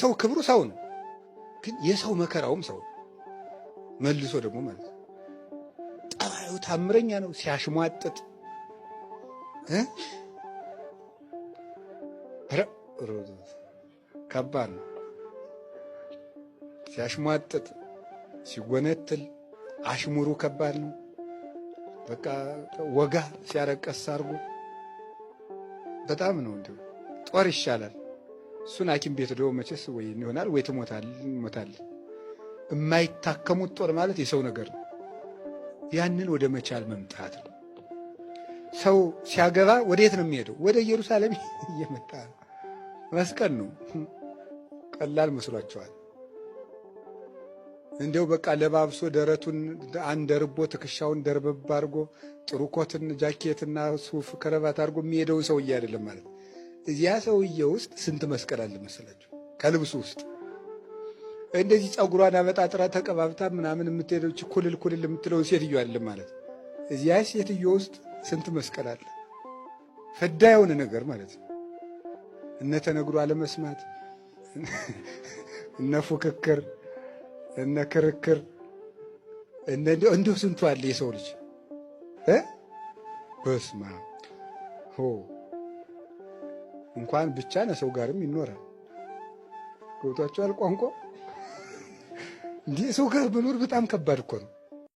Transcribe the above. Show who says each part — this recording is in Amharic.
Speaker 1: ሰው ክብሩ ሰው ነው፣ ግን የሰው መከራውም ሰው መልሶ ደግሞ ማለት ነው። ጠባዩ ታምረኛ ነው። ሲያሽሟጥጥ ከባድ ነው። ሲያሽሟጥጥ ሲጎነትል አሽሙሩ ከባድ ነው። በቃ ወጋ ሲያረቀስ አድርጎ በጣም ነው እንዲሁ ጦር ይሻላል። እሱን ሐኪም ቤት ዶ መቼስ ወይ ይሆናል ወይ ትሞታል የማይታከሙት ጦር ማለት የሰው ነገር ነው። ያንን ወደ መቻል መምጣት ነው። ሰው ሲያገባ ወደ የት ነው የሚሄደው? ወደ ኢየሩሳሌም እየመጣ ነው። መስቀል ነው። ቀላል መስሏቸዋል። እንዲው በቃ ለባብሶ ደረቱን አንደርቦ ትከሻውን ደርበብ አድርጎ ጥሩ ኮትን ጃኬትና ሱፍ ከረባት አድርጎ የሚሄደውን ሰውዬ አይደለም ማለት እዚያ ሰውዬ ውስጥ ስንት መስቀል አለ መሰላችሁ? ከልብሱ ውስጥ እንደዚህ ጸጉሯን አበጣጥራ ተቀባብታ ምናምን የምትሄደች ኩልል ኩልል የምትለውን ሴትዮ አለ ማለት እዚያ ሴትዮ ውስጥ ስንት መስቀል አለ? ፍዳ የሆነ ነገር ማለት ነው። እነ ተነግሮ አለመስማት፣ እነ ፉክክር፣ እነ ክርክር፣ እንዲሁ ስንቱ አለ የሰው ልጅ በስማ ሆ እንኳን ብቻ ነሰው ጋርም ይኖራል። ገብቷቸዋል። ቋንቋ እንዲህ ሰው ጋር መኖር በጣም ከባድ እኮ ነው።